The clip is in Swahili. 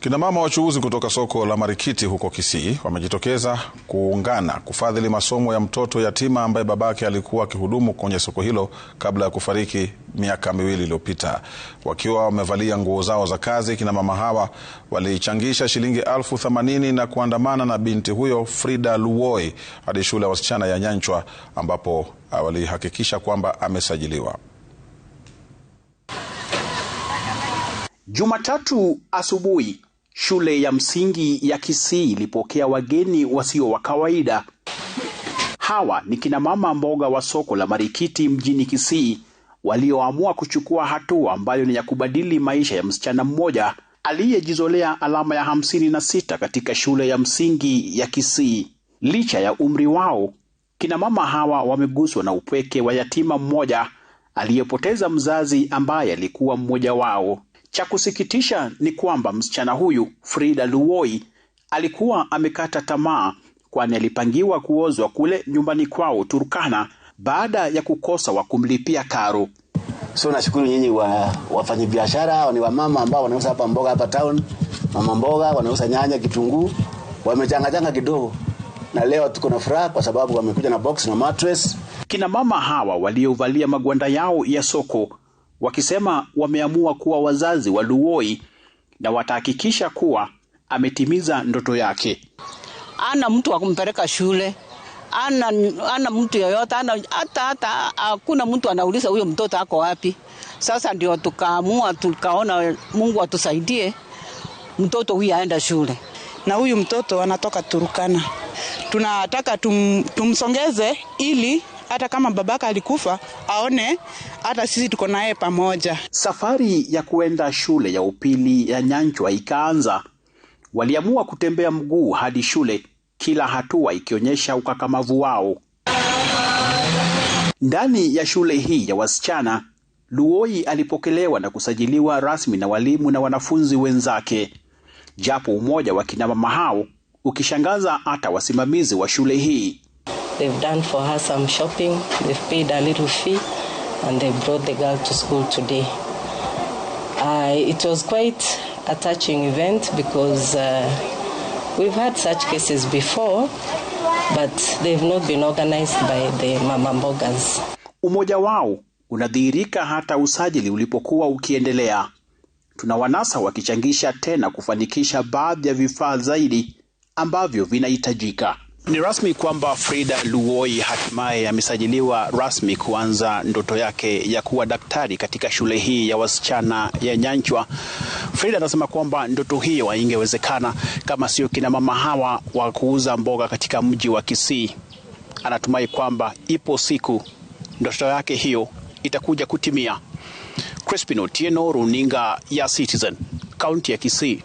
Kinamama wachuuzi kutoka soko la Marikiti huko Kisii wamejitokeza kuungana kufadhili masomo ya mtoto yatima ambaye babake alikuwa akihudumu kwenye soko hilo kabla ya kufariki miaka miwili iliyopita. Wakiwa wamevalia nguo zao za kazi, kinamama hawa walichangisha shilingi elfu themanini na kuandamana na binti huyo Frida luoi hadi shule ya wasichana ya Nyanchwa ambapo walihakikisha kwamba amesajiliwa. Jumatatu asubuhi Shule ya msingi ya Kisii ilipokea wageni wasio wa kawaida. Hawa ni kina mama mboga wa soko la Marikiti mjini Kisii walioamua kuchukua hatua ambayo ni ya kubadili maisha ya msichana mmoja aliyejizolea alama ya hamsini na sita katika shule ya msingi ya Kisii. Licha ya umri wao, kina mama hawa wameguswa na upweke wa yatima mmoja aliyepoteza mzazi ambaye alikuwa mmoja wao. Cha kusikitisha ni kwamba msichana huyu Frida Luoi alikuwa amekata tamaa, kwani alipangiwa kuozwa kule nyumbani kwao Turkana baada ya kukosa wa kumlipia karo. So nashukuru nyinyi wa, wafanyi biashara ni wamama ambao wanauza hapa mboga hapa town, mama mboga wanauza nyanya, kitunguu, wamechangachanga kidogo na leo tuko na furaha kwa sababu wamekuja na box na mattress. Kina mama hawa waliovalia magwanda yao ya soko wakisema wameamua kuwa wazazi wa luoi na watahakikisha kuwa ametimiza ndoto yake. Ana mtu wa kumpeleka shule, ana, ana mtu yoyote ana, hata hata hakuna mtu anauliza huyo mtoto ako wapi. Sasa ndio tukaamua tukaona, Mungu atusaidie mtoto huyu aenda shule, na huyu mtoto anatoka Turukana, tunataka tum, tumsongeze ili hata kama babaka alikufa aone hata sisi tuko naye pamoja. Safari ya kuenda shule ya upili ya Nyanchwa ikaanza. Waliamua kutembea mguu hadi shule, kila hatua ikionyesha ukakamavu wao. Ndani ya shule hii ya wasichana, Luoi alipokelewa na kusajiliwa rasmi na walimu na wanafunzi wenzake, japo umoja wa kinamama hao ukishangaza hata wasimamizi wa shule hii. They've done for her some shopping, they've paid a little fee, and they brought the girl to school today. Uh, it was quite a touching event because uh, we've had such cases before, but they've not been organized by the mama mbogas. Umoja wao unadhihirika hata usajili ulipokuwa ukiendelea. Tuna wanasa wakichangisha tena kufanikisha baadhi ya vifaa zaidi ambavyo vinahitajika. Ni rasmi kwamba Frida Luoi hatimaye amesajiliwa rasmi kuanza ndoto yake ya kuwa daktari katika shule hii ya wasichana ya Nyanchwa. Frida anasema kwamba ndoto hiyo haingewezekana kama sio kina mama hawa wa kuuza mboga katika mji wa Kisii. Anatumai kwamba ipo siku ndoto yake hiyo itakuja kutimia. Crispin Otieno, runinga ya Citizen, kaunti ya Kisii.